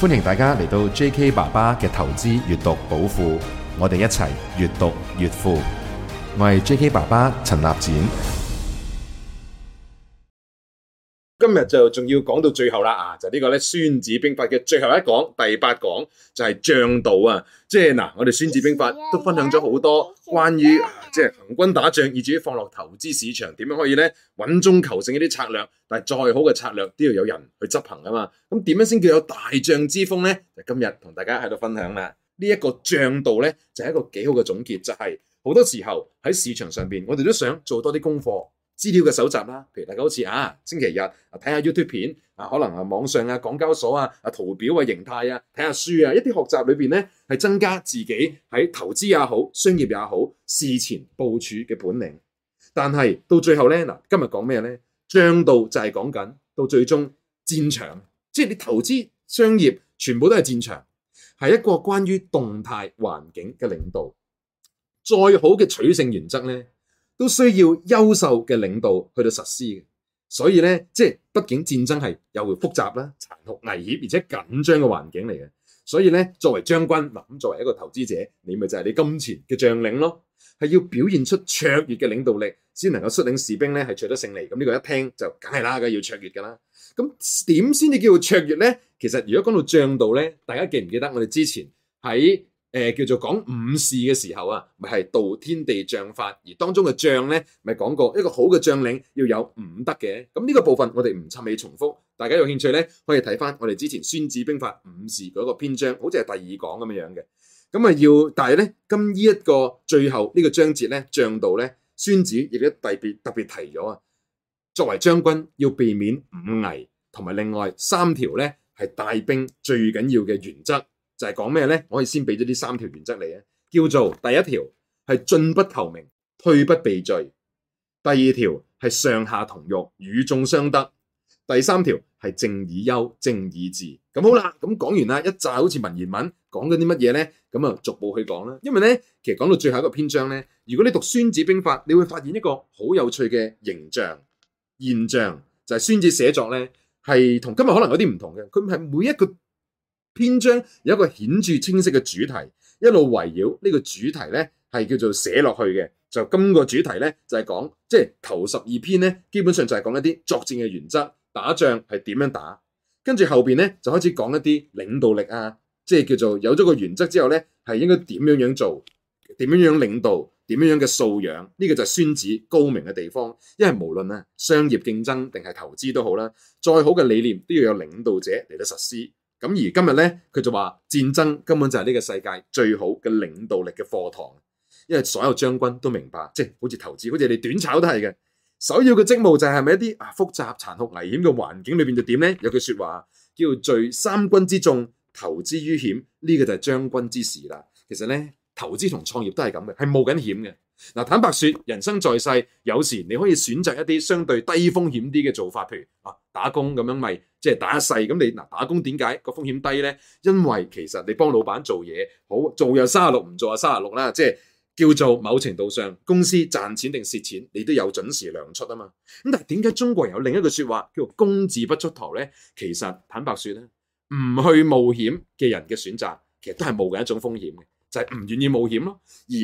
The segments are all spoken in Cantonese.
歡迎大家嚟到 J.K. 爸爸嘅投資閱讀寶庫，我哋一齊閱讀越富。我係 J.K. 爸爸陳立展。今日就仲要講到最後啦啊！就呢、是、個咧《孫子兵法》嘅最後一講，第八講就係將道啊！即係嗱，我哋《孫子兵法》都分享咗好多關於，即係行軍打仗，以至於放落投資市場，點樣可以咧穩中求勝一啲策略？但係再好嘅策略都要有人去執行啊嘛。咁點樣先叫有大將之風咧？就今日同大家喺度分享啦，嗯、呢、就係、一個將道咧就係一個幾好嘅總結，就係、係、好多時候喺市場上邊，我哋都想做多啲功課。資料嘅搜集啦，譬如大家好似啊，星期日啊，睇下 YouTube 片啊，可能啊網上啊港交所啊啊圖表啊形態啊，睇下書啊，一啲學習裏邊咧係增加自己喺投資也好、商業也好事前部署嘅本領。但係到最後咧嗱，今日講咩咧？將道就係講緊到最終戰場，即係你投資商業全部都係戰場，係一個關於動態環境嘅領導。再好嘅取勝原則咧。都需要優秀嘅領導去到實施嘅，所以呢，即係畢竟戰爭係有會複雜啦、殘酷、危險而且緊張嘅環境嚟嘅，所以呢，作為將軍嗱，咁作為一個投資者，你咪就係你金錢嘅將領咯，係要表現出卓越嘅領導力先能夠率領士兵呢係取得勝利。咁呢個一聽就梗係啦，梗係要卓越㗎啦。咁點先至叫做卓越呢？其實如果講到將道呢，大家記唔記得我哋之前喺？誒、呃，叫做講五事嘅時候啊，咪、就、係、是、道天地將法，而當中嘅將呢，咪講過一個好嘅將領要有五德嘅。咁呢個部分我哋唔趁機重複，大家有興趣呢，可以睇返我哋之前《孫子兵法》五事嗰個篇章，好似係第二講咁樣嘅。咁啊要，但係呢，今呢一個最後呢個章節呢，將道呢，孫子亦都特別特別提咗啊，作為將軍要避免五危，同埋另外三條呢，係帶兵最緊要嘅原則。就係講咩咧？我哋先俾咗呢三條原則嚟，咧，叫做第一條係進不求名，退不避罪；第二條係上下同欲，與眾相得；第三條係靜以幽，正以治。咁好啦，咁講完啦，一紮好似文言文講緊啲乜嘢咧？咁啊，逐步去講啦。因為咧，其實講到最後一個篇章咧，如果你讀《孫子兵法》，你會發現一個好有趣嘅形象現象，就係孫子寫作咧，係同今日可能有啲唔同嘅。佢係每一個。篇章有一個顯著清晰嘅主題，一路圍繞呢個主題呢係叫做寫落去嘅。就今個主題呢，就係講即係頭十二篇呢，基本上就係講一啲作戰嘅原則，打仗係點樣打。跟住後邊呢，就開始講一啲領導力啊，即係叫做有咗個原則之後呢，係應該點樣樣做，點樣樣領導，點樣樣嘅素養。呢個就係孫子高明嘅地方，因為無論啊商業競爭定係投資都好啦，再好嘅理念都要有領導者嚟到實施。咁而今日咧，佢就話戰爭根本就係呢個世界最好嘅領導力嘅課堂，因為所有將軍都明白，即係好似投資，好似你短炒都係嘅。首要嘅職務就係咪一啲啊複雜、殘酷、危險嘅環境裏邊就點咧？有句説話叫做聚三軍之眾，投之於險，呢、這個就係將軍之事啦。其實咧，投資同創業都係咁嘅，係冒緊險嘅。嗱，坦白說，人生在世，有時你可以選擇一啲相對低風險啲嘅做法，譬如啊，打工咁樣咪即係打一世。咁你嗱，打工點解個風險低呢？因為其實你幫老闆做嘢，好做又三十六，唔做又三十六啦，即係叫做某程度上公司賺錢定蝕錢，你都有準時糧出啊嘛。咁但係點解中國人有另一句說話叫做“工字不出頭”呢？其實坦白說咧，唔去冒險嘅人嘅選擇，其實都係冒緊一種風險嘅，就係、是、唔願意冒險咯。而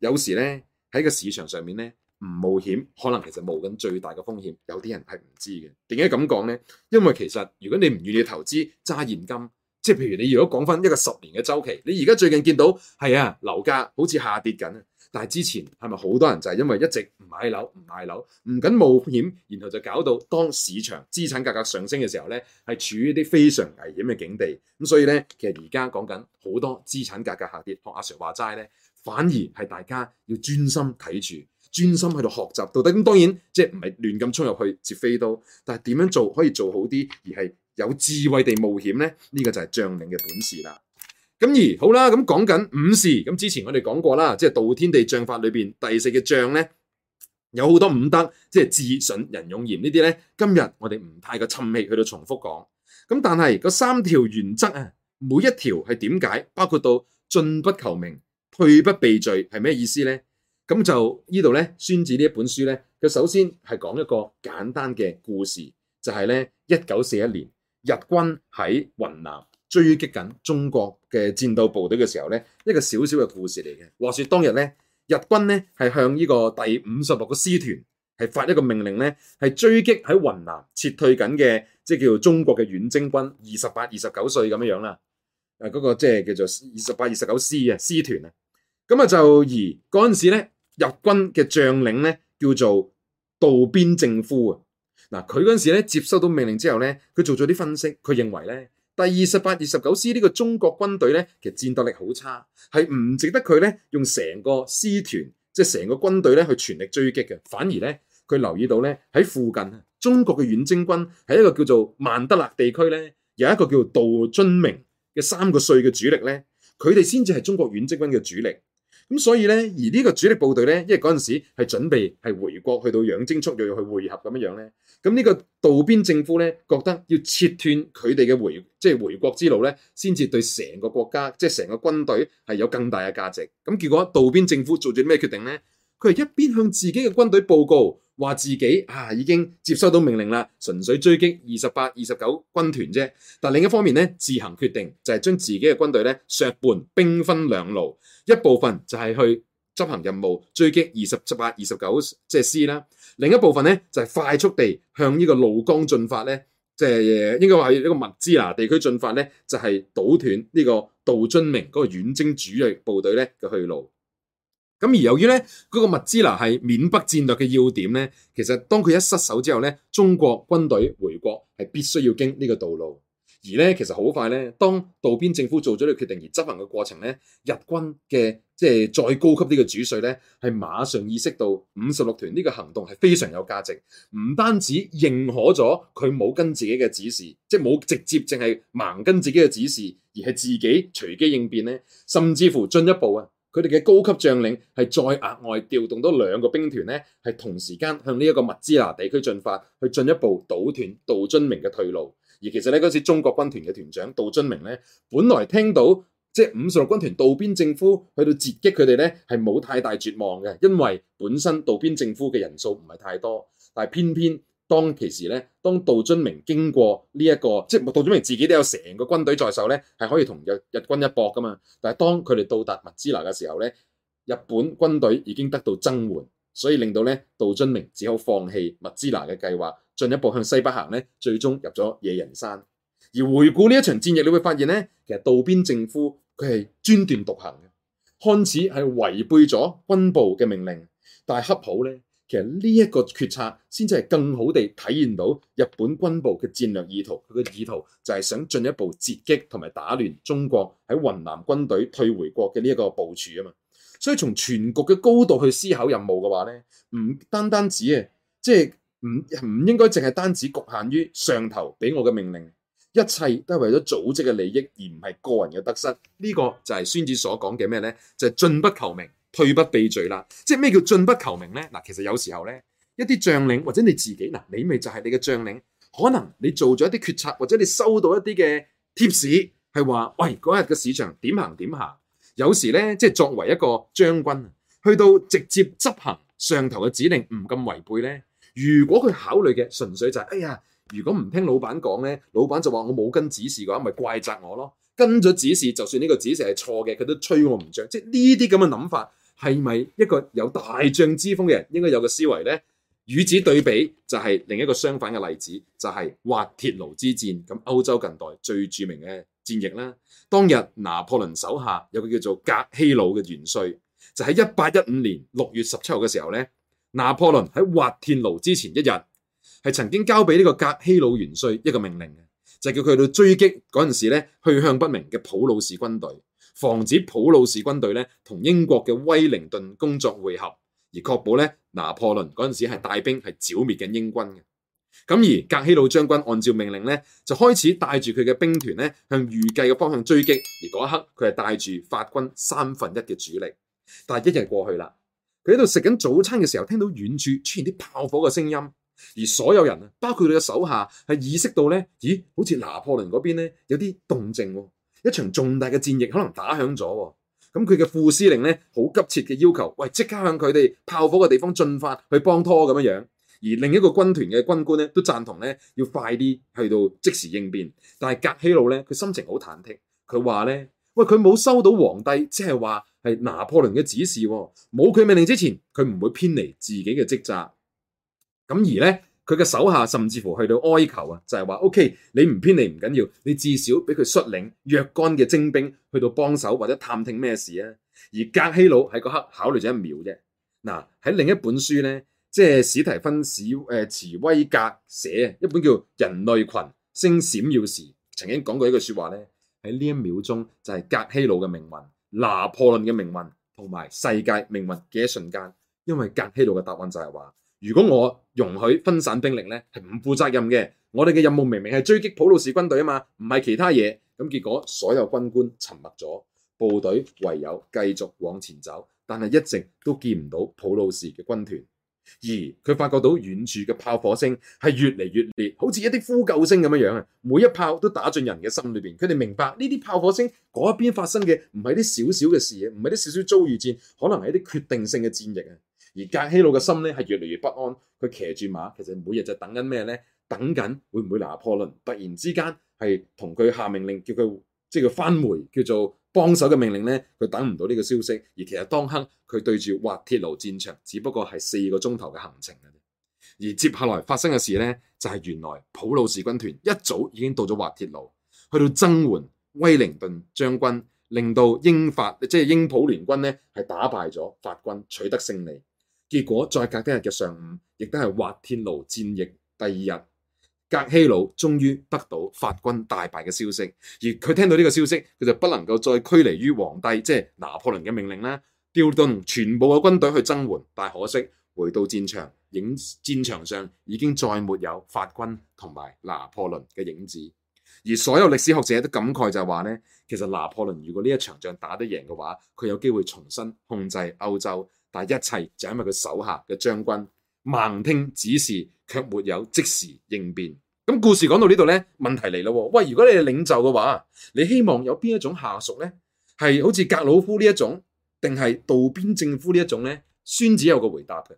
有時呢……喺個市場上面咧，唔冒險，可能其實冒緊最大嘅風險。有啲人係唔知嘅，點解咁講呢？因為其實如果你唔願意投資揸現金，即係譬如你如果講翻一個十年嘅周期，你而家最近見到係啊樓價好似下跌緊啊，但係之前係咪好多人就係因為一直唔買樓、唔買樓，唔敢冒險，然後就搞到當市場資產價格上升嘅時候咧，係處於啲非常危險嘅境地。咁所以呢，其實而家講緊好多資產價格下跌，學阿 Sir 話齋呢。反而係大家要專心睇住，專心去到學習到底。咁當然即係唔係亂咁衝入去接飛刀，但係點樣做可以做好啲，而係有智慧地冒險呢？呢、呢個就係將領嘅本事啦。咁、嗯、而好啦，咁講緊五事。咁之前我哋講過啦，即係《道天地將法裏面》裏邊第四嘅將呢，有好多五德，即係智信仁勇嚴呢啲呢。今日我哋唔太過沉氣去到重複講。咁但係嗰三條原則啊，每一條係點解？包括到進不求名。退不避罪係咩意思呢？咁就呢度咧，孫子呢一本書呢，佢首先係講一個簡單嘅故事，就係呢一九四一年日軍喺雲南追擊緊中國嘅戰鬥部隊嘅時候呢，一個小小嘅故事嚟嘅。話説當日呢，日軍呢係向呢個第五十六個師團係發一個命令呢，係追擊喺雲南撤退緊嘅，即係叫做中國嘅遠征軍，二十八、二十九歲咁樣樣啦。誒嗰個即係叫做二十八、二十九師啊，師團啊，咁啊就而嗰陣時咧，日軍嘅將領咧叫做渡邊政府啊。嗱，佢嗰陣時咧接收到命令之後咧，佢做咗啲分析，佢認為咧第二十八、二十九師呢個中國軍隊咧，其實戰鬥力好差，係唔值得佢咧用成個師團，即係成個軍隊咧去全力追擊嘅。反而咧，佢留意到咧喺附近中國嘅遠征軍喺一個叫做曼德勒地區咧，有一個叫做杜聿明，嘅三個師嘅主力咧，佢哋先至係中國遠征軍嘅主力，咁所以咧，而呢個主力部隊咧，因為嗰陣時係準備係回國去到養精蓄銳去會合咁樣樣咧，咁呢個道邊政府咧覺得要切斷佢哋嘅回即係、就是、回國之路咧，先至對成個國家即係成個軍隊係有更大嘅價值。咁結果道邊政府做咗咩決定咧？佢係一邊向自己嘅軍隊報告。話自己啊已經接收到命令啦，純粹追擊二十八、二十九軍團啫。但另一方面咧，自行決定就係、是、將自己嘅軍隊咧削半，兵分兩路，一部分就係去執行任務追擊二十七、八、二十九即係師啦，另一部分咧就係、是、快速地向呢個怒江進發咧，即係應該話係呢個麥芝拿地區進發咧，就係堵斷呢、就是、個杜聿明嗰個遠征主力部隊咧嘅去路。咁而由於呢嗰個物資嗱，係緬北戰略嘅要點呢，其實當佢一失守之後呢，中國軍隊回國係必須要經呢個道路。而呢，其實好快呢，當渡邊政府做咗呢個決定而執行嘅過程呢，日軍嘅即係再高級啲嘅主帥呢，係馬上意識到五十六團呢個行動係非常有價值，唔單止認可咗佢冇跟自己嘅指示，即係冇直接淨係盲跟自己嘅指示，而係自己隨機應變呢甚至乎進一步啊！佢哋嘅高級將領係再額外調動多兩個兵團咧，係同時間向呢一個密支那地區進發，去進一步倒斷杜聿明嘅退路。而其實咧，嗰時中國軍團嘅團長杜聿明咧，本來聽到即係五十六軍團渡邊政府去到截擊佢哋咧，係冇太大絕望嘅，因為本身渡邊政府嘅人數唔係太多，但係偏偏。當其時咧，當杜聿明經過呢、這、一個，即係杜聿明自己都有成個軍隊在手咧，係可以同日日軍一搏㗎嘛。但係當佢哋到達密支那嘅時候咧，日本軍隊已經得到增援，所以令到咧杜聿明只好放棄密支那嘅計劃，進一步向西北行咧，最終入咗野人山。而回顧呢一場戰役，你會發現咧，其實渡邊正夫佢係專斷獨行嘅，看似係違背咗軍部嘅命令，但係恰好咧。其實呢一個決策先至係更好地體現到日本軍部嘅戰略意圖，佢嘅意圖就係想進一步截擊同埋打亂中國喺雲南軍隊退回國嘅呢一個部署啊嘛。所以從全局嘅高度去思考任務嘅話咧，唔單單只係即係唔唔應該淨係單止局限於上頭俾我嘅命令，一切都係為咗組織嘅利益而唔係個人嘅得失。呢個就係孫子所講嘅咩咧？就係進不求名。退不避罪啦，即係咩叫進不求名呢？嗱，其實有時候呢，一啲將領或者你自己嗱，你咪就係你嘅將領，可能你做咗一啲決策，或者你收到一啲嘅貼士，係話：喂，嗰日嘅市場點行點行？有時呢，即係作為一個將軍，去到直接執行上頭嘅指令，唔咁違背呢。如果佢考慮嘅純粹就係：哎呀，如果唔聽老闆講呢，老闆就話我冇跟指示嘅話，咪怪責我咯。跟咗指示，就算呢個指示係錯嘅，佢都吹我唔着。即係呢啲咁嘅諗法。係咪一個有大將之風嘅人應該有嘅思維呢？與此對比，就係另一個相反嘅例子，就係滑鐵盧之戰。咁歐洲近代最著名嘅戰役啦。當日拿破崙手下有個叫做格希魯嘅元帥，就喺一八一五年六月十七號嘅時候呢，拿破崙喺滑鐵盧之前一日，係曾經交俾呢個格希魯元帥一個命令嘅，就叫佢去追擊嗰陣時咧，去向不明嘅普魯士軍隊。防止普魯士軍隊咧，同英國嘅威靈頓工作會合，而確保咧拿破崙嗰陣時係帶兵係剿滅緊英軍嘅。咁而格希魯將軍按照命令咧就開始帶住佢嘅兵團咧向預計嘅方向追擊。而嗰一刻佢係帶住法軍三分一嘅主力，但係一日過去啦，佢喺度食緊早餐嘅時候聽到遠處出現啲炮火嘅聲音，而所有人啊包括佢嘅手下係意識到咧，咦好似拿破崙嗰邊咧有啲動靜喎、哦。一場重大嘅戰役可能打響咗喎，咁佢嘅副司令咧好急切嘅要求，喂，即刻向佢哋炮火嘅地方進發去幫拖咁樣樣，而另一個軍團嘅軍官咧都贊同咧要快啲去到即時應變，但係格希魯咧佢心情好忐忑，佢話咧喂，佢冇收到皇帝即係話係拿破崙嘅指示，冇、哦、佢命令之前佢唔會偏離自己嘅職責，咁而咧。佢嘅手下甚至乎去到哀求啊，就係話：OK，你唔偏離唔緊要，你至少俾佢率領若干嘅精兵去到幫手或者探聽咩事啊。而格希魯喺嗰刻考慮咗一秒啫。嗱、啊，喺另一本書呢，即係史提芬史誒、呃、茨威格寫一本叫《人類群星閃耀時》，曾經講過一句說話呢：「喺呢一秒鐘就係、是、格希魯嘅命運、拿破崙嘅命運同埋世界命運嘅一瞬間，因為格希魯嘅答案就係話。如果我容許分散兵力咧，係唔負責任嘅。我哋嘅任務明明係追擊普魯士軍隊啊嘛，唔係其他嘢。咁結果所有軍官沉默咗，部隊唯有繼續往前走，但係一直都見唔到普魯士嘅軍團。而佢發覺到遠處嘅炮火聲係越嚟越烈，好似一啲呼救聲咁樣樣啊！每一炮都打進人嘅心裏邊。佢哋明白呢啲炮火聲嗰一邊發生嘅唔係啲小小嘅事嘅，唔係啲小小遭遇戰，可能係一啲決定性嘅戰役啊！而格希魯嘅心咧係越嚟越不安，佢騎住馬，其實每日就等緊咩呢？等緊會唔會拿破崙突然之間係同佢下命令，叫佢即係叫返回，叫做幫手嘅命令呢。佢等唔到呢個消息。而其實當刻，佢對住滑鐵盧戰場，只不過係四個鐘頭嘅行程嘅啫。而接下來發生嘅事呢，就係原來普魯士軍團一早已經到咗滑鐵盧，去到增援威靈頓將軍，令到英法即係英普聯軍呢——係打敗咗法軍，取得勝利。結果再隔一日嘅上午，亦都係滑鐵盧戰役第二日，格希魯終於得到法軍大敗嘅消息。而佢聽到呢個消息，佢就不能夠再拘離於皇帝，即係拿破崙嘅命令啦，調動全部嘅軍隊去增援。但可惜，回到戰場，影戰場上已經再沒有法軍同埋拿破崙嘅影子。而所有歷史學者都感慨就係話呢，其實拿破崙如果呢一場仗打得贏嘅話，佢有機會重新控制歐洲。但一切就因為佢手下嘅將軍盲聽指示，卻沒有即時應變。咁故事講到呢度呢，問題嚟咯。喂，如果你係領袖嘅話，你希望有邊一種下屬呢？係好似格魯夫呢一種，定係道邊政府呢一種呢？孫子有個回答嘅，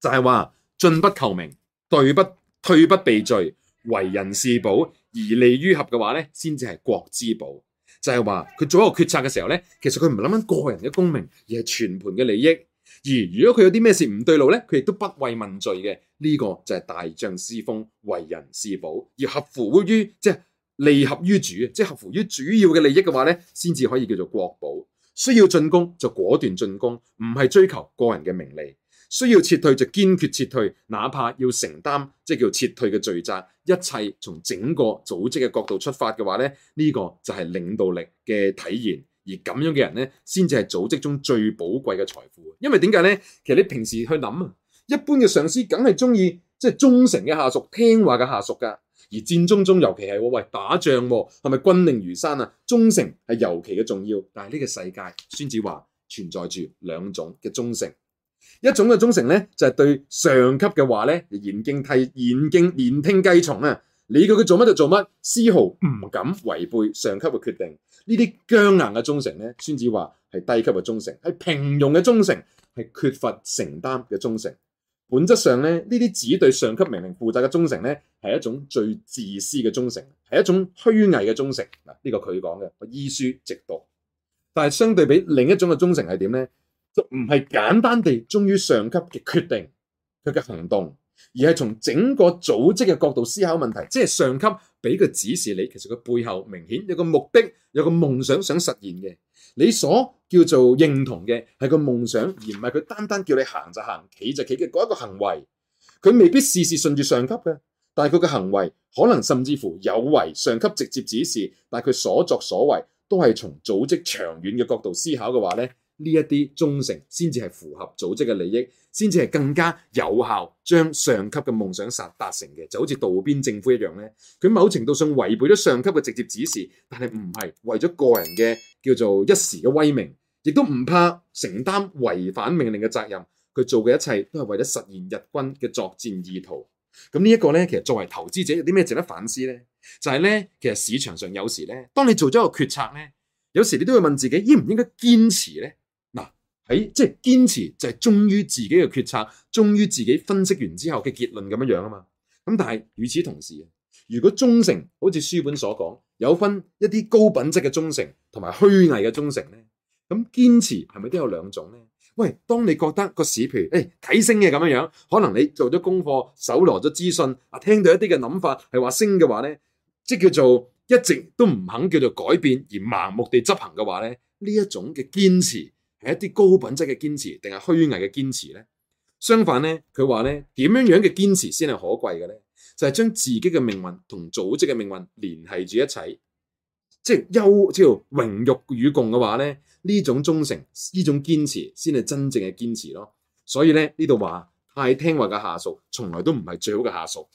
就係話進不求名，退不退不避罪，為人是保而利於合嘅話呢，先至係國之寶。就係話佢做一個決策嘅時候咧，其實佢唔係諗緊個人嘅功名，而係全盤嘅利益。而如果佢有啲咩事唔對路咧，佢亦都不畏問罪嘅。呢個就係大將之風，為人是保，而合乎於即係利合於主，即係合乎於主要嘅利益嘅話咧，先至可以叫做國寶。需要進攻就果斷進攻，唔係追求個人嘅名利。需要撤退就堅決撤退，哪怕要承擔，即係叫撤退嘅罪責。一切從整個組織嘅角度出發嘅話咧，呢、呢個就係領導力嘅體現。而咁樣嘅人咧，先至係組織中最寶貴嘅財富。因為點解咧？其實你平時去諗啊，一般嘅上司梗係中意即係忠誠嘅下屬、聽話嘅下屬㗎。而戰爭中中，尤其係我喂打仗喎，係咪軍令如山啊？忠誠係尤其嘅重要。但係呢個世界，孫子話存在住兩種嘅忠誠。一種嘅忠誠咧，就係、是、對上級嘅話咧言聽替言聽言聽計從啊，你叫佢做乜就做乜，絲毫唔敢違背上級嘅決定。呢啲僵硬嘅忠誠咧，孫子話係低級嘅忠誠，係平庸嘅忠誠，係缺乏承擔嘅忠誠。本質上咧，呢啲只對上級命令負責嘅忠誠咧，係一種最自私嘅忠誠，係一種虛偽嘅忠誠。嗱、這個，呢個佢講嘅依書直讀，但係相對比另一種嘅忠誠係點咧？就唔係簡單地忠於上級嘅決定，佢嘅行動，而係從整個組織嘅角度思考問題。即係上級俾佢指示你，其實佢背後明顯有個目的，有個夢想想實現嘅。你所叫做認同嘅係個夢想，而唔係佢單單叫你行就行，企就企嘅嗰一個行為。佢未必事事順住上級嘅，但係佢嘅行為可能甚至乎有違上級直接指示，但係佢所作所為都係從組織長遠嘅角度思考嘅話呢。呢一啲忠誠先至係符合組織嘅利益，先至係更加有效將上級嘅夢想殺達成嘅，就好似渡邊政夫一樣咧。佢某程度上違背咗上級嘅直接指示，但係唔係為咗個人嘅叫做一時嘅威名，亦都唔怕承擔違反命令嘅責任。佢做嘅一切都係為咗實現日軍嘅作戰意圖。咁呢一個咧，其實作為投資者有啲咩值得反思呢？就係咧，其實市場上有時咧，當你做咗一個決策咧，有時你都會問自己應唔應該堅持咧？喺即係堅持就係忠於自己嘅決策，忠於自己分析完之後嘅結論咁樣樣啊嘛。咁但係與此同時，如果忠誠好似書本所講，有分一啲高品質嘅忠誠同埋虛偽嘅忠誠咧，咁堅持係咪都有兩種咧？喂，當你覺得個市，譬如，誒睇升嘅咁樣樣，可能你做咗功課，搜羅咗資訊啊，聽到一啲嘅諗法係話升嘅話咧，即叫做一直都唔肯叫做改變而盲目地執行嘅話咧，呢一種嘅堅持。係一啲高品質嘅堅持，定係虛偽嘅堅持呢？相反呢，佢話呢點樣樣嘅堅持先係可貴嘅呢？就係、是、將自己嘅命運同組織嘅命運聯繫住一齊，即係憂即係榮辱與共嘅話咧，呢種忠誠，呢種堅持先係真正嘅堅持咯。所以呢，呢度話太、哎、聽話嘅下屬，從來都唔係最好嘅下屬。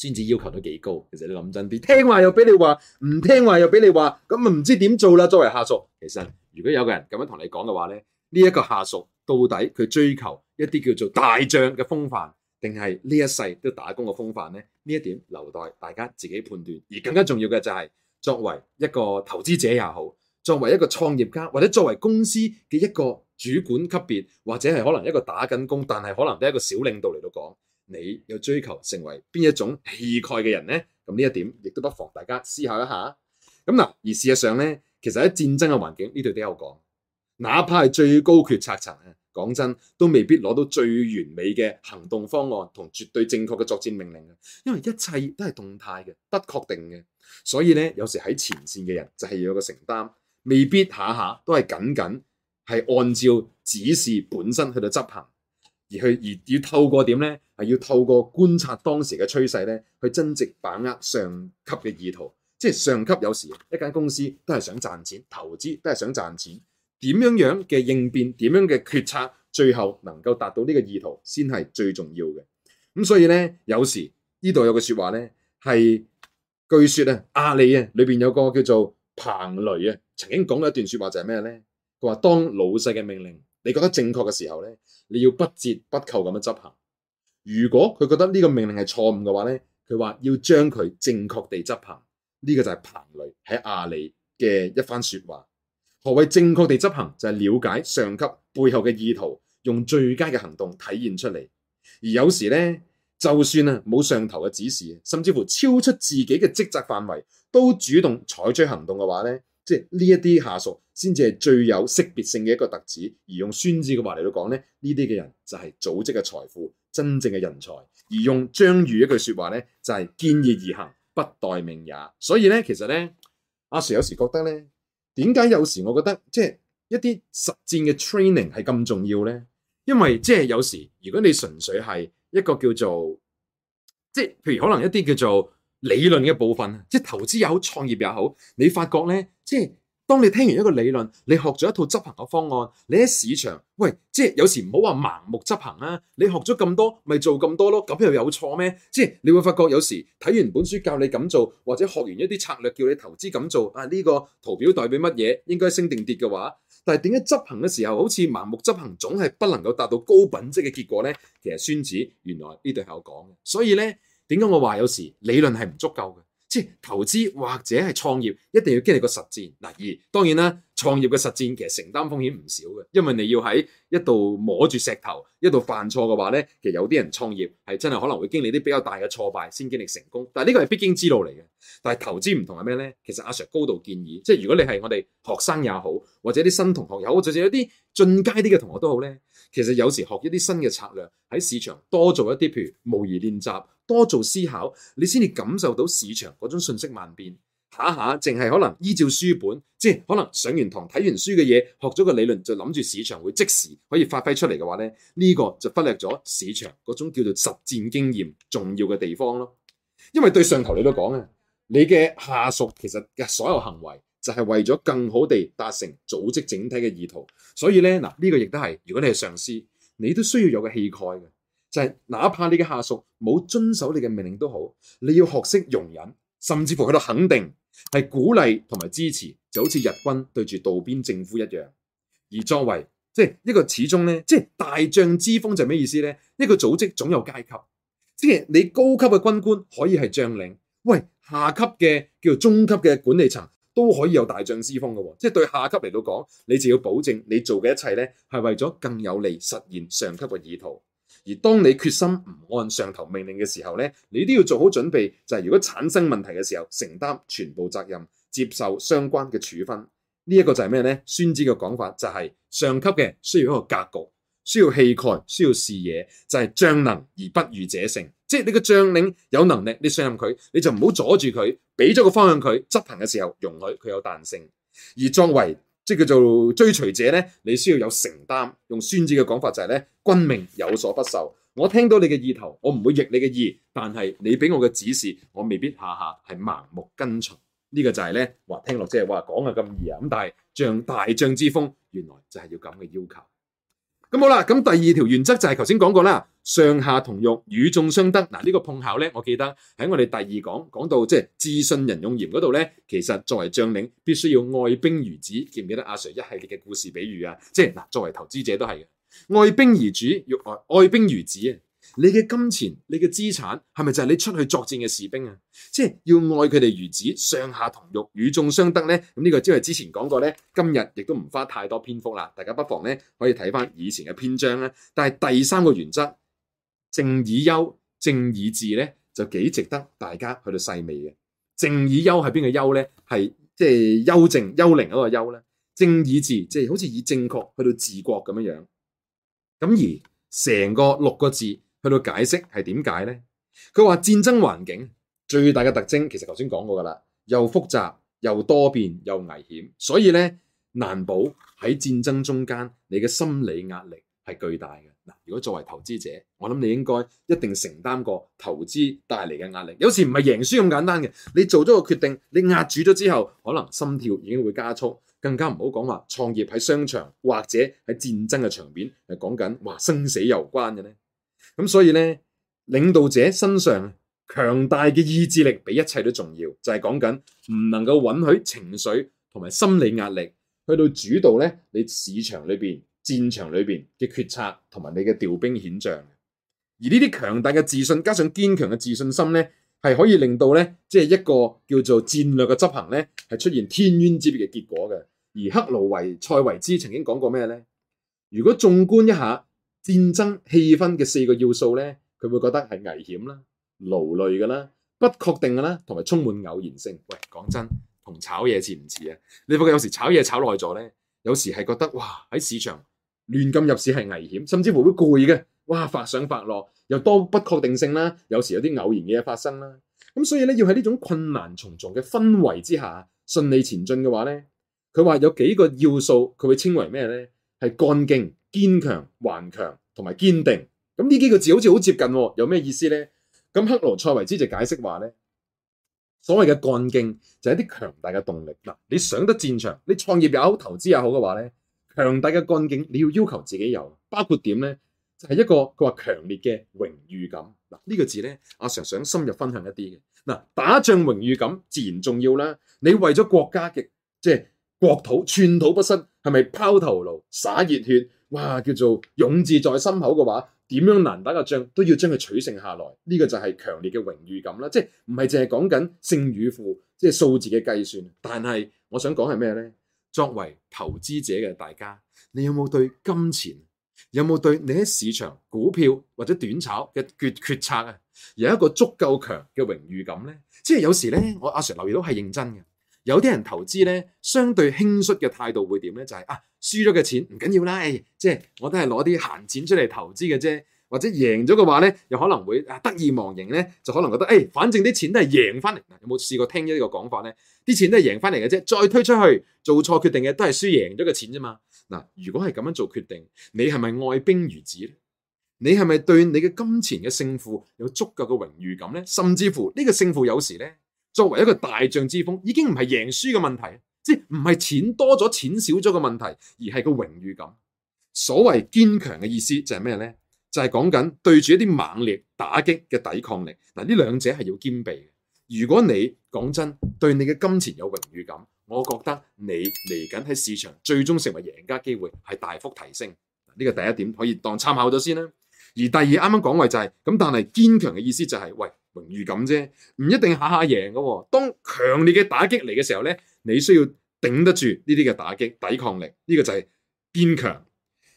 先至要求都幾高，其實你諗真啲，聽話又俾你話，唔聽話又俾你話，咁啊唔知點做啦。作為下屬，其實如果有個人咁樣同你講嘅話呢，呢、這、一個下屬到底佢追求一啲叫做大將嘅風範，定係呢一世都打工嘅風範呢？呢一點留待大家自己判斷。而更加重要嘅就係、是、作為一個投資者也好，作為一個創業家，或者作為公司嘅一個主管級別，或者係可能一個打緊工，但係可能得一個小領導嚟到講。你有追求成為邊一種氣概嘅人呢？咁呢一點亦都不妨大家思考一,一下。咁嗱，而事實上呢，其實喺戰爭嘅環境，呢度都有講，哪怕係最高決策層咧，講真都未必攞到最完美嘅行動方案同絕對正確嘅作戰命令，因為一切都係動態嘅、不確定嘅，所以呢，有時喺前線嘅人就係要有個承擔，未必下下都係緊緊係按照指示本身去到執行。而去而要透過點呢？係要透過觀察當時嘅趨勢呢，去真正把握上級嘅意圖。即係上級有時一間公司都係想賺錢，投資都係想賺錢。點樣樣嘅應變，點樣嘅決策，最後能夠達到呢個意圖，先係最重要嘅。咁所以呢，有時呢度有個説話呢，係據說咧，阿里啊，裏邊、啊、有個叫做彭雷啊，曾經講過一段説話就係咩呢？佢話：當老細嘅命令，你覺得正確嘅時候咧，你要不折不扣咁樣執行。如果佢覺得呢個命令係錯誤嘅話咧，佢話要將佢正確地執行。呢個就係彭雷喺阿里嘅一番說話。何謂正確地執行？就係了解上級背後嘅意圖，用最佳嘅行動體現出嚟。而有時咧，就算啊冇上頭嘅指示，甚至乎超出自己嘅職責範圍，都主動採取行動嘅話咧。即係呢一啲下屬，先至係最有識別性嘅一個特質。而用孫子嘅話嚟到講咧，呢啲嘅人就係組織嘅財富，真正嘅人才。而用張禹一句説話咧，就係見義而行，不待命也。所以咧，其實咧，阿 Sir 有時覺得咧，點解有時我覺得即係一啲實戰嘅 training 係咁重要咧？因為即係有時，如果你純粹係一個叫做即係，譬如可能一啲叫做。理論嘅部分，即係投資又好，創業也好，你發覺呢，即係當你聽完一個理論，你學咗一套執行嘅方案，你喺市場，喂，即係有時唔好話盲目執行啊！你學咗咁多，咪做咁多咯，咁又有錯咩？即係你會發覺有時睇完本書教你咁做，或者學完一啲策略叫你投資咁做，啊呢個圖表代表乜嘢，應該升定跌嘅話，但係點解執行嘅時候，好似盲目執行總係不能夠達到高品質嘅結果呢？其實孫子原來呢度係有講嘅，所以呢。點解我話有時理論係唔足夠嘅？即係投資或者係創業，一定要經歷個實戰嗱。而當然啦，創業嘅實戰其實承擔風險唔少嘅，因為你要喺一度摸住石頭，一度犯錯嘅話咧，其實有啲人創業係真係可能會經歷啲比較大嘅挫敗先經歷成功。但係呢個係必經之路嚟嘅。但係投資唔同係咩咧？其實阿 Sir 高度建議，即係如果你係我哋學生也好，或者啲新同學又好，或者一啲進階啲嘅同學都好咧，其實有時學一啲新嘅策略喺市場多做一啲，譬如模擬練習。多做思考，你先至感受到市場嗰種信息萬變，下下淨係可能依照書本，即係可能上完堂睇完書嘅嘢，學咗個理論就諗住市場會即時可以發揮出嚟嘅話咧，呢個就忽略咗市場嗰種叫做實戰經驗重要嘅地方咯。因為對上頭你都講啊，你嘅下屬其實嘅所有行為就係為咗更好地達成組織整體嘅意圖，所以咧嗱，呢個亦都係如果你係上司，你都需要有個氣概嘅。就係哪怕你嘅下屬冇遵守你嘅命令都好，你要學識容忍，甚至乎喺度肯定、係鼓勵同埋支持，就好似日軍對住道邊政府一樣。而作為即係一個始終咧，即係大將之風就係咩意思咧？一個組織總有階級，即係你高級嘅軍官可以係將領，喂下級嘅叫做中級嘅管理層都可以有大將之風嘅，即係對下級嚟到講，你就要保證你做嘅一切咧係為咗更有利實現上級嘅意圖。而當你決心唔按上頭命令嘅時候咧，你都要做好準備，就係、是、如果產生問題嘅時候，承擔全部責任，接受相關嘅處分。呢、這、一個就係咩呢？孫子嘅講法就係、是、上級嘅需要一個格局，需要氣概，需要視野，就係、是、將能而不御者勝。即係你個將領有能力，你信任佢，你就唔好阻住佢，俾咗個方向佢執行嘅時候，容許佢有彈性，而作為。即叫做追隨者咧，你需要有承擔，用孫子嘅講法就係咧，君命有所不受。我聽到你嘅意頭，我唔會逆你嘅意，但係你俾我嘅指示，我未必下下係盲目跟從。呢個就係咧話，聽落即係話講啊咁易啊，咁但係像大將之風原來就係要咁嘅要求。咁好啦，咁第二條原則就係頭先講過啦，上下同欲，與眾相得。嗱，呢個碰巧咧，我記得喺我哋第二講講到即係「智信仁勇嚴」嗰度咧，其實作為將領必須要愛兵如子，記唔記得阿 Sir 一系列嘅故事比喻啊？即係嗱，作為投資者都係嘅，愛兵如子，要愛愛兵如子啊！你嘅金錢、你嘅資產係咪就係你出去作戰嘅士兵啊？即係要愛佢哋如子，上下同欲，與眾相得呢。咁、這、呢個即係之前講過呢，今日亦都唔花太多篇幅啦。大家不妨呢，可以睇翻以前嘅篇章咧。但係第三個原則，正以幽，正以治呢，就幾值得大家去到細微嘅。正以幽係邊個幽呢？係即係幽靜、幽靈嗰個幽呢。正以治即係、就是、好似以正確去到治國咁樣樣。咁而成個六個字。去到解釋係點解呢？佢話戰爭環境最大嘅特徵，其實頭先講過噶啦，又複雜又多變又危險，所以呢，難保喺戰爭中間，你嘅心理壓力係巨大嘅。嗱，如果作為投資者，我諗你應該一定承擔過投資帶嚟嘅壓力。有時唔係贏輸咁簡單嘅，你做咗個決定，你壓住咗之後，可能心跳已經會加速，更加唔好講話創業喺商場或者喺戰爭嘅場面，係講緊話生死攸關嘅呢。咁所以咧，領導者身上強大嘅意志力比一切都重要，就係講緊唔能夠允許情緒同埋心理壓力去到主導咧你市場裏邊、戰場裏邊嘅決策同埋你嘅調兵遣將。而呢啲強大嘅自信加上堅強嘅自信心咧，係可以令到咧即係一個叫做戰略嘅執行咧係出現天淵之別嘅結果嘅。而克勞維塞維茲曾經講過咩咧？如果縱觀一下。戰爭氣氛嘅四個要素呢，佢會覺得係危險啦、勞累嘅啦、不確定嘅啦，同埋充滿偶然性。喂，講真，同炒嘢似唔似啊？你發覺有時炒嘢炒耐咗呢，有時係覺得哇，喺市場亂咁入市係危險，甚至乎會攰嘅。哇，發上發落又多不確定性啦，有時有啲偶然嘅嘢發生啦。咁所以呢，要喺呢種困難重重嘅氛圍之下順利前進嘅話呢，佢話有幾個要素，佢會稱為咩？呢，係幹勁。堅強、頑強同埋堅定，咁呢幾個字好似好接近，哦，有咩意思呢？咁克羅塞維茲就解釋話呢，所謂嘅幹勁就係啲強大嘅動力。嗱，你上得戰場，你創業又好，投資也好嘅話呢，強大嘅幹勁你要要求自己有，包括點呢？就係、是、一個佢話強烈嘅榮譽感。嗱、這、呢個字呢，阿常想深入分享一啲嘅。嗱，打仗榮譽感自然重要啦，你為咗國家嘅即係國土寸土不失，係咪拋頭顱灑熱血？哇，叫做勇字在心口嘅話，點樣難打嘅仗都要將佢取勝下來，呢個就係強烈嘅榮譽感啦。即係唔係淨係講緊勝與負，即係數字嘅計算。但係我想講係咩呢？作為投資者嘅大家，你有冇對金錢，有冇對你喺市場股票或者短炒嘅決決策啊，有一個足夠強嘅榮譽感呢？即係有時呢，我阿 Sir 留意到係認真嘅。有啲人投資咧，相對輕率嘅態度會點咧？就係啊，輸咗嘅錢唔緊要啦，誒，即係我都係攞啲閒錢出嚟投資嘅啫。或者贏咗嘅話咧，又可能會啊得意忘形咧，就可能覺得誒，反正啲錢都係贏翻嚟啦。有冇試過聽呢個講法咧？啲錢都係贏翻嚟嘅啫，再推出去做錯決定嘅都係輸贏咗嘅錢啫嘛。嗱，如果係咁樣做決定，你係咪愛兵如子咧？你係咪對你嘅金錢嘅勝負有足夠嘅榮譽感咧？甚至乎呢個勝負有時咧？作為一個大將之風，已經唔係贏輸嘅問題，即係唔係錢多咗、錢少咗嘅問題，而係個榮譽感。所謂堅強嘅意思就係咩呢？就係講緊對住一啲猛烈打擊嘅抵抗力。嗱，呢兩者係要兼備嘅。如果你講真，對你嘅金錢有榮譽感，我覺得你嚟緊喺市場最終成為贏家機會係大幅提升。呢、這個第一點可以當參考咗先啦。而第二啱啱講位就係、是、咁，但係堅強嘅意思就係、是、喂。榮譽感啫，唔一定下下贏噶。當強烈嘅打擊嚟嘅時候咧，你需要頂得住呢啲嘅打擊，抵抗力呢個就係堅強。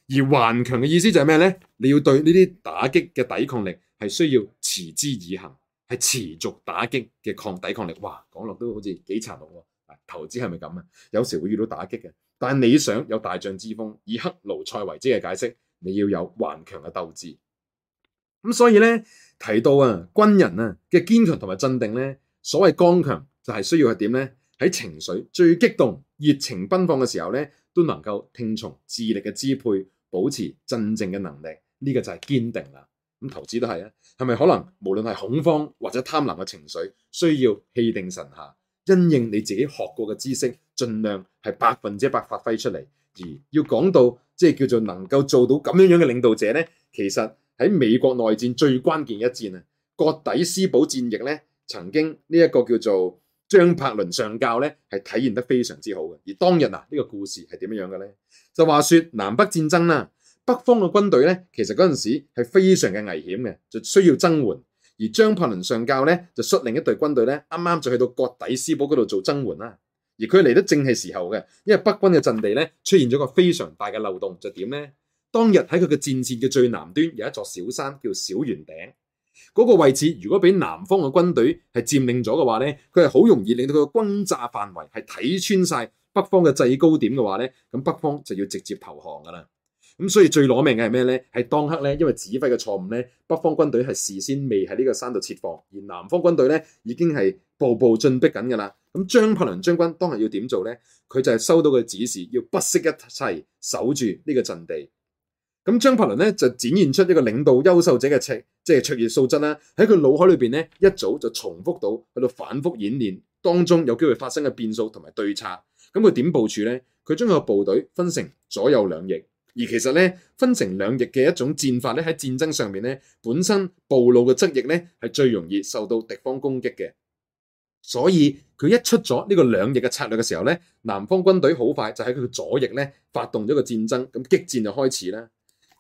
而頑強嘅意思就係咩咧？你要對呢啲打擊嘅抵抗力係需要持之以恒，係持續打擊嘅抗抵抗力。哇，講落都好似幾殘酷。啊，投資係咪咁啊？有時會遇到打擊嘅，但係你想有大將之風，以克勞塞維茨嘅解釋，你要有頑強嘅鬥志。咁所以咧，提到啊，軍人啊嘅堅強同埋鎮定咧，所謂剛強就係需要係點咧？喺情緒最激動、熱情奔放嘅時候咧，都能夠聽從智力嘅支配，保持鎮靜嘅能力，呢、這個就係堅定啦。咁、嗯、投資都係啊，係咪可能無論係恐慌或者貪婪嘅情緒，需要氣定神下，因應你自己學過嘅知識，盡量係百分之一百發揮出嚟。而要講到即係叫做能夠做到咁樣樣嘅領導者咧，其實。喺美國內戰最關鍵一戰啊，葛底斯堡戰役咧，曾經呢一個叫做張柏倫上校呢，咧，係體現得非常之好嘅。而當日嗱，呢、呢個故事係點樣嘅咧？就話説，南北戰爭啦，北方嘅軍隊咧，其實嗰陣時係非常嘅危險嘅，就需要增援。而張柏倫上校咧，就率領一隊軍隊咧，啱啱就去到葛底斯堡嗰度做增援啦。而佢嚟得正係時候嘅，因為北軍嘅陣地咧，出現咗個非常大嘅漏洞，就點咧？當日喺佢嘅戰線嘅最南端有一座小山，叫小圓頂嗰個位置。如果俾南方嘅軍隊係佔領咗嘅話呢，佢係好容易令到佢嘅轟炸範圍係睇穿晒北方嘅制高點嘅話呢，咁北方就要直接投降噶啦。咁所以最攞命嘅係咩呢？係當刻呢，因為指揮嘅錯誤呢，北方軍隊係事先未喺呢個山度設防，而南方軍隊呢已經係步步進逼緊噶啦。咁張柏倫將軍當日要點做呢？佢就係收到嘅指示，要不惜一切守住呢個陣地。咁張柏倫咧就展現出一個領導優秀者嘅尺，即係卓越素質啦。喺佢腦海裏邊咧，一早就重複到喺度反覆演練當中有機會發生嘅變數同埋對策。咁佢點部署呢？佢將個部隊分成左右兩翼，而其實咧分成兩翼嘅一種戰法咧，喺戰爭上面咧，本身暴露嘅側翼咧係最容易受到敵方攻擊嘅。所以佢一出咗呢個兩翼嘅策略嘅時候咧，南方軍隊好快就喺佢嘅左翼咧發動咗個戰爭，咁激戰就開始啦。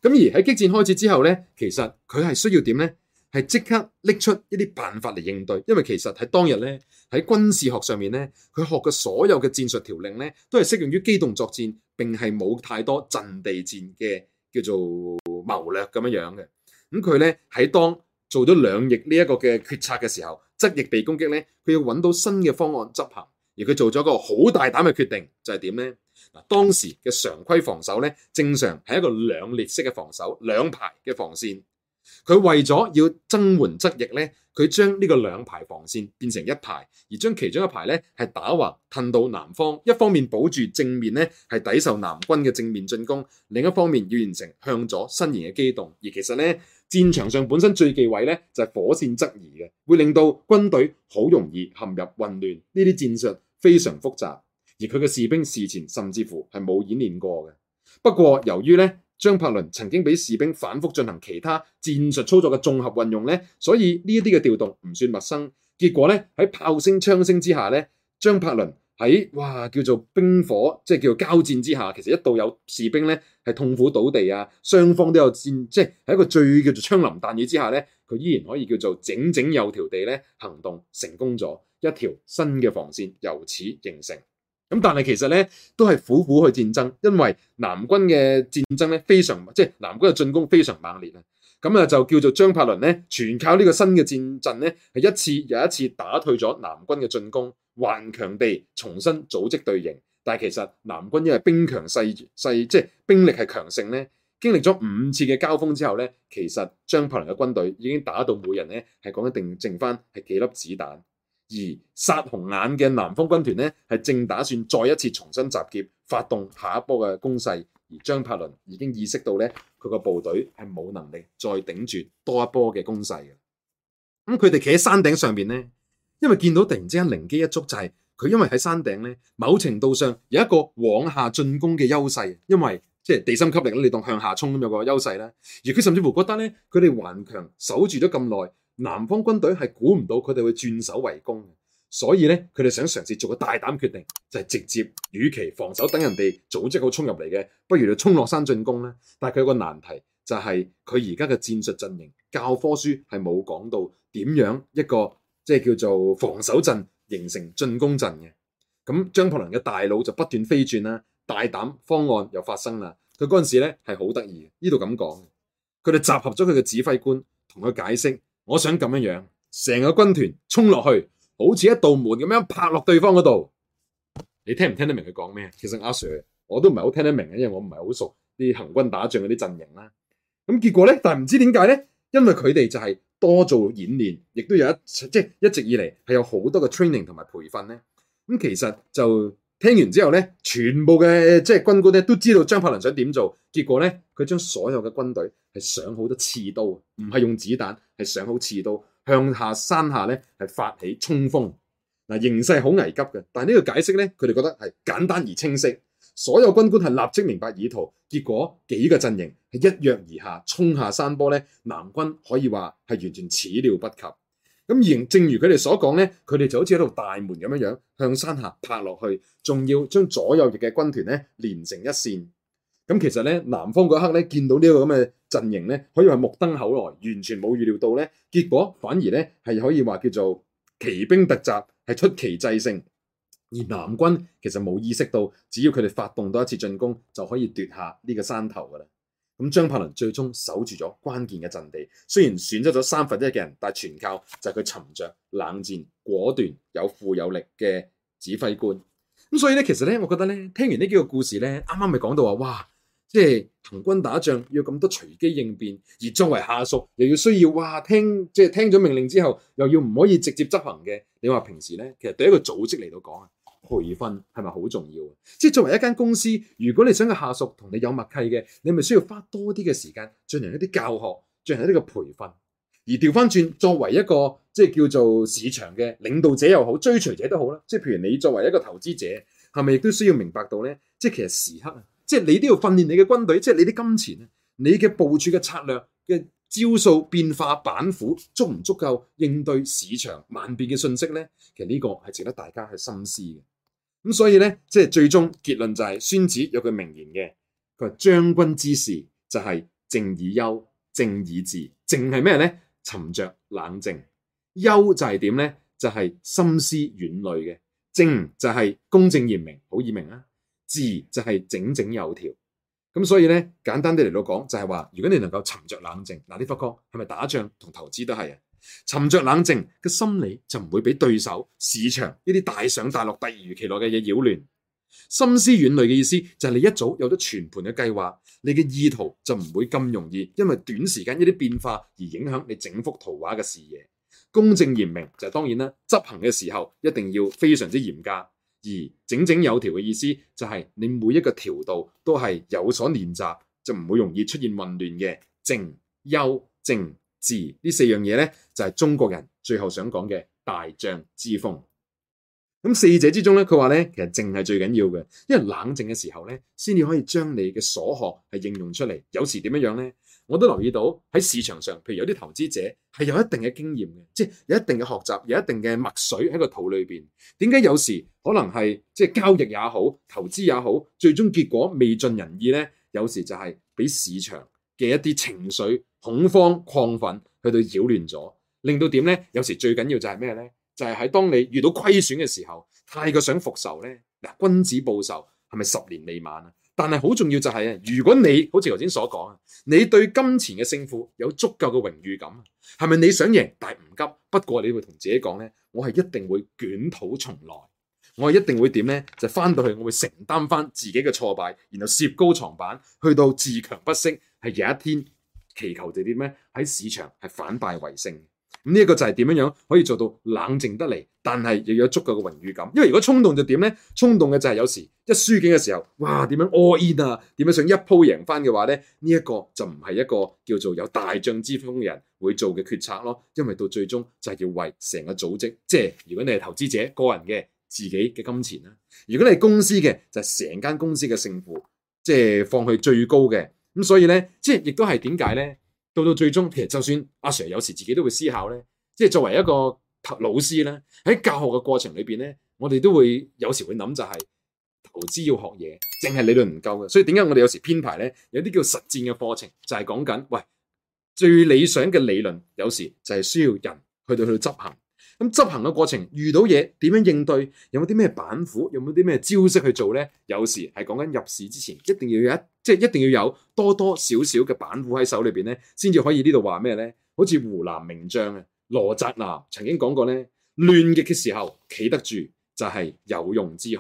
咁而喺激戰開始之後咧，其實佢係需要點咧？係即刻拎出一啲辦法嚟應對，因為其實喺當日咧喺軍事學上面咧，佢學嘅所有嘅戰術條令咧，都係適用於機動作戰，並係冇太多陣地戰嘅叫做謀略咁樣樣嘅。咁佢咧喺當做咗兩翼呢一個嘅決策嘅時候，側翼被攻擊咧，佢要揾到新嘅方案執行，而佢做咗一個好大膽嘅決定，就係點咧？嗱，當時嘅常規防守咧，正常係一個兩列式嘅防守，兩排嘅防線。佢為咗要增援側翼咧，佢將呢個兩排防線變成一排，而將其中一排咧係打橫褪到南方。一方面保住正面咧係抵受南軍嘅正面進攻，另一方面要完成向左身移嘅機動。而其實咧戰場上本身最忌諱咧就係、是、火線側移嘅，會令到軍隊好容易陷入混亂。呢啲戰術非常複雜。而佢嘅士兵事前甚至乎係冇演練過嘅。不過由於咧，張柏倫曾經俾士兵反覆進行其他戰術操作嘅綜合運用咧，所以呢一啲嘅調動唔算陌生。結果咧，喺炮聲槍聲之下咧，張柏倫喺哇叫做兵火，即係叫做交戰之下，其實一度有士兵咧係痛苦倒地啊，雙方都有戰，即係喺一個最叫做槍林彈雨之下咧，佢依然可以叫做整整有條地咧行動成功咗一條新嘅防線，由此形成。咁但係其實咧，都係苦苦去戰爭，因為南軍嘅戰爭咧非常，即係南軍嘅進攻非常猛烈啊！咁啊就叫做張柏倫咧，全靠呢個新嘅戰陣咧，係一次又一次打退咗南軍嘅進攻，頑強地重新組織隊形。但係其實南軍因為兵強勢勢，即係兵力係強盛咧，經歷咗五次嘅交鋒之後咧，其實張柏倫嘅軍隊已經打到每人咧係講一定剩返係幾粒子彈。而殺紅眼嘅南方軍團呢，係正打算再一次重新集結，發動下一波嘅攻勢。而張柏倫已經意識到呢，佢個部隊係冇能力再頂住多一波嘅攻勢嘅。咁佢哋企喺山頂上邊呢，因為見到突然之間靈機一觸，就係佢因為喺山頂呢，某程度上有一個往下進攻嘅優勢，因為即係地心吸力啦，你當向下衝咁有個優勢啦。而佢甚至乎覺得呢，佢哋頑強守住咗咁耐。南方軍隊係估唔到佢哋會轉守為攻，所以咧佢哋想嘗試做個大膽決定，就係直接與其防守等人哋組織好衝入嚟嘅，不如就衝落山進攻啦。但係佢有個難題，就係佢而家嘅戰術陣型教科書係冇講到點樣一個即係叫做防守陣形成進攻陣嘅。咁張伯倫嘅大腦就不斷飛轉啦，大膽方案又發生啦。佢嗰陣時咧係好得意，呢度咁講，佢哋集合咗佢嘅指揮官同佢解釋。我想咁樣樣，成個軍團衝落去，好似一道門咁樣拍落對方嗰度。你聽唔聽得明佢講咩？其實阿 Sir 我都唔係好聽得明嘅，因為我唔係好熟啲行軍打仗嗰啲陣營啦。咁結果咧，但係唔知點解咧，因為佢哋就係多做演練，亦都有一即係一直以嚟係有好多嘅 training 同埋培訓咧。咁其實就。聽完之後咧，全部嘅即係軍官咧都知道張柏林想點做，結果咧佢將所有嘅軍隊係上好多刺刀，唔係用子彈，係上好刺刀，好刺刀向下山下咧係發起衝鋒，嗱形勢好危急嘅。但係呢個解釋咧，佢哋覺得係簡單而清晰，所有軍官係立即明白意圖，結果幾個陣營係一躍而下，衝下山坡咧，南軍可以話係完全始料不及。咁而正如佢哋所講咧，佢哋就好似喺度大門咁樣樣向山下拍落去，仲要將左右翼嘅軍團咧連成一線。咁其實咧，南方嗰刻咧見到呢個咁嘅陣營咧，可以話目瞪口呆，完全冇預料到咧。結果反而咧係可以話叫做奇兵突襲，係出奇制勝。而南軍其實冇意識到，只要佢哋發動多一次進攻，就可以奪下呢個山頭噶啦。咁張柏倫最終守住咗關鍵嘅陣地，雖然選擇咗三分之一嘅人，但係全靠就係佢沉着、冷戰、果斷、有富有力嘅指揮官。咁所以咧，其實咧，我覺得咧，聽完呢幾個故事咧，啱啱咪講到話，哇，即係行軍打仗要咁多隨機應變，而作為下屬又要需要，哇，聽即係聽咗命令之後，又要唔可以直接執行嘅。你話平時咧，其實對一個組織嚟到講啊。培訓係咪好重要？即係作為一間公司，如果你想個下屬同你有默契嘅，你咪需要花多啲嘅時間進行一啲教學，進行一啲嘅培訓。而調翻轉，作為一個即係叫做市場嘅領導者又好，追隨者都好啦。即係譬如你作為一個投資者，係咪亦都需要明白到咧？即係其實時刻啊，即係你都要訓練你嘅軍隊，即係你啲金錢啊，你嘅部署嘅策略嘅招數變化板斧，足唔足夠應對市場萬變嘅信息咧？其實呢個係值得大家去深思嘅。咁所以咧，即係最終結論就係、是、孫子有句名言嘅，佢話將軍之事就係靜以幽，正以治，靜係咩咧？沉着冷靜，幽就係點咧？就係、是、深思遠慮嘅，正就係公正嚴明，好易明啊，治就係整整有條。咁所以咧，簡單啲嚟到講就係、是、話，如果你能夠沉着冷靜，嗱，你發覺係咪打仗同投資都係啊？沉着冷靜嘅心理就唔會俾對手、市場呢啲大上大落、突如其來嘅嘢擾亂。深思遠慮嘅意思就係你一早有咗全盤嘅計劃，你嘅意圖就唔會咁容易因為短時間一啲變化而影響你整幅圖畫嘅視野。公正嚴明就係當然啦，執行嘅時候一定要非常之嚴格，而整整有條嘅意思就係你每一個條度都係有所練習，就唔會容易出現混亂嘅靜、優、靜。呢四樣嘢呢，就係中國人最後想講嘅大將之風。咁四者之中呢，佢話呢，其實靜係最緊要嘅，因為冷靜嘅時候呢，先至可以將你嘅所學係應用出嚟。有時點樣樣呢？我都留意到喺市場上，譬如有啲投資者係有一定嘅經驗嘅，即係有一定嘅學習，有一定嘅墨水喺個肚裏邊。點解有時可能係即係交易也好，投資也好，最終結果未盡人意呢？有時就係俾市場嘅一啲情緒。，恐慌亢奮去到擾亂咗，令到點呢？有時最緊要就係咩呢？就係、是、喺當你遇到虧損嘅時候，太過想復仇呢？嗱，君子報仇，係咪十年未晚啊？但係好重要就係啊，如果你好似頭先所講啊，你對金錢嘅勝負有足夠嘅榮譽感，係咪你想贏但係唔急？不過你會同自己講呢：「我係一定會捲土重來，我係一定會點呢？就返到去，我會承擔返自己嘅挫敗，然後攝高床板，去到自強不息，係有一天。祈求哋啲咩喺市場係反敗為勝。咁呢一個就係點樣樣可以做到冷靜得嚟，但係又有足夠嘅榮譽感。因為如果衝動就點呢？衝動嘅就係有時一輸緊嘅時候，哇點樣 all in 啊？點樣想一鋪贏翻嘅話呢？呢？呢一個就唔係一個叫做有大將之風嘅人會做嘅決策咯。因為到最終就係要為成個組織，即係如果你係投資者個人嘅自己嘅金錢啦；如果你係公司嘅，就係成間公司嘅勝負，即係放去最高嘅。咁所以咧，即係亦都係點解咧？到到最終，其實就算阿 Sir 有時自己都會思考咧，即係作為一個老師啦，喺教學嘅過程裏邊咧，我哋都會有時會諗就係、是、投資要學嘢，淨係理論唔夠嘅。所以點解我哋有時編排咧，有啲叫實戰嘅課程，就係講緊喂，最理想嘅理論，有時就係需要人去到去執行。咁執行嘅過程遇到嘢點樣應對？有冇啲咩板斧？有冇啲咩招式去做呢？有時係講緊入市之前，一定要有一即係、就是、一定要有多多少少嘅板斧喺手裏邊呢，先至可以呢度話咩呢？好似湖南名將啊羅澤南曾經講過呢：「亂極嘅時候企得住就係、是、有用之學，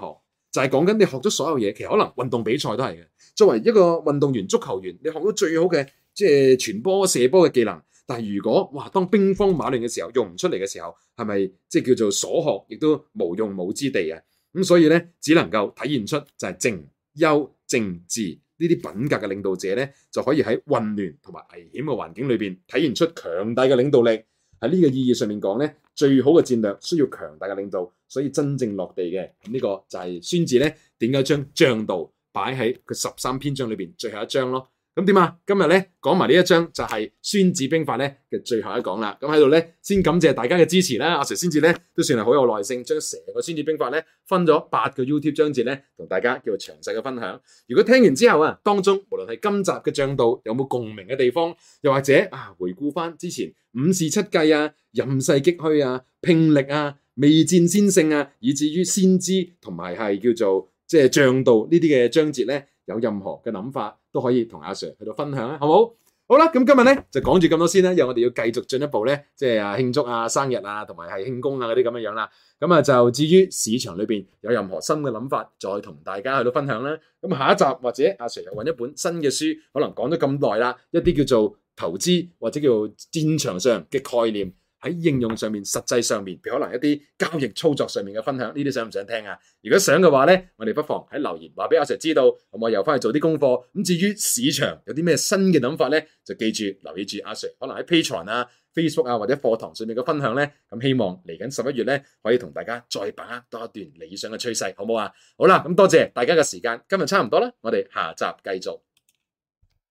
就係講緊你學咗所有嘢，其實可能運動比賽都係嘅。作為一個運動員、足球員，你學到最好嘅即係傳波、射波嘅技能。但係如果話當兵荒馬亂嘅時候用唔出嚟嘅時候，係咪即係叫做所學亦都無用武之地啊？咁所以咧，只能夠體現出就係政優政治呢啲品格嘅領導者咧，就可以喺混亂同埋危險嘅環境裏邊，體現出強大嘅領導力。喺呢個意義上面講咧，最好嘅戰略需要強大嘅領導，所以真正落地嘅呢個就係孫子咧點解將將道擺喺佢十三篇章裏邊最後一章咯？咁點啊？今日咧講埋呢一章就係《孫子兵法》咧嘅最後一講啦。咁喺度咧，先感謝大家嘅支持啦。阿 Sir 先至咧都算係好有耐性，將成個《孫子兵法呢》咧分咗八個 YouTube 章節咧，同大家叫做詳細嘅分享。如果聽完之後啊，當中無論係今集嘅將道有冇共鳴嘅地方，又或者啊回顧翻之前五事七計啊、任勢擊虛啊、拼力啊、未戰先勝啊，以至於先知同埋係叫做即係將道呢啲嘅章節咧。有任何嘅諗法都可以同阿 Sir 去到分享啊，好唔好？好啦，咁今日咧就講住咁多先啦，因為我哋要繼續進一步咧，即係啊慶祝啊生日啊，同埋係慶功啊嗰啲咁樣樣啦。咁啊就至於市場裏邊有任何新嘅諗法，再同大家去到分享啦。咁下一集或者阿 Sir 又揾一本新嘅書，可能講咗咁耐啦，一啲叫做投資或者叫做戰場上嘅概念。喺應用上面、實際上面，譬如可能一啲交易操作上面嘅分享，呢啲想唔想聽啊？如果想嘅話咧，我哋不妨喺留言話俾阿 Sir 知道，咁我又翻去做啲功課。咁至於市場有啲咩新嘅諗法咧，就記住留意住阿 Sir，可能喺 Patreon 啊、Facebook 啊或者課堂上面嘅分享咧。咁希望嚟緊十一月咧，可以同大家再把握多一段理想嘅趨勢，好唔好啊？好啦，咁多謝大家嘅時間，今日差唔多啦，我哋下集繼續。